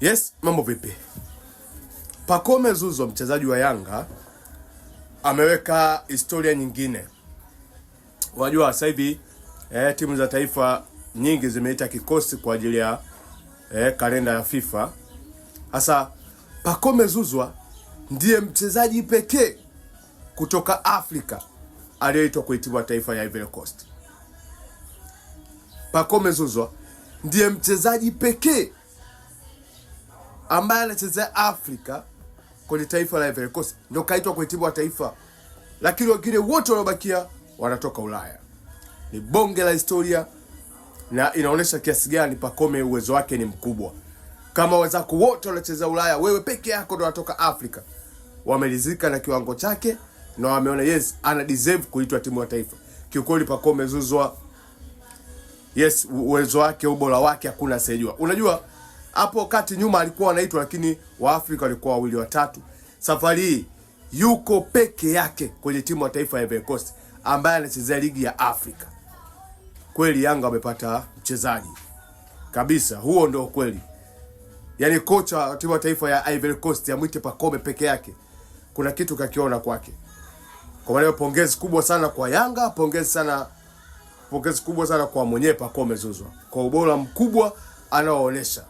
Yes, mambo vipi? Pacome Zuzo mchezaji wa Yanga ameweka historia nyingine. Unajua sasa hivi eh, timu za taifa nyingi zimeita kikosi kwa ajili ya eh, kalenda ya FIFA. Sasa Pacome Zuzwa ndiye mchezaji pekee kutoka Afrika aliyeitwa kuitibwa taifa ya Ivory Coast. Pacome Zuzwa ndiye mchezaji pekee ambaye anachezea Afrika kwenye taifa la Ivory Coast ndio kaitwa timu ya taifa, lakini wengine wote waliobakia wanatoka Ulaya. Ni bonge la historia na inaonyesha kiasi gani Pacome uwezo wake ni mkubwa. Kama wenzako wote wanacheza Ulaya, wewe peke yako ndo unatoka Afrika, wamelizika na kiwango chake na wameona yes, ana deserve kuitwa timu ya taifa. Kiukweli Pacome zuzwa, yes, uwezo wake, ubora wake hakuna asiyejua. Unajua hapo wakati nyuma alikuwa anaitwa, lakini Waafrika walikuwa wawili watatu. Safari hii yuko peke yake kwenye timu ya taifa ya Ivory Coast ambaye anachezea ligi ya Afrika. Kweli Yanga wamepata mchezaji kabisa, huo ndio kweli. Yaani kocha wa timu ya taifa ya Ivory Coast amwite Pacome peke yake, kuna kitu kakiona kwake. Kwa maana pongezi kubwa sana kwa Yanga, pongezi sana pongezi kubwa sana kwa mwenyewe Pacome Zouzoua kwa ubora mkubwa anaoonesha.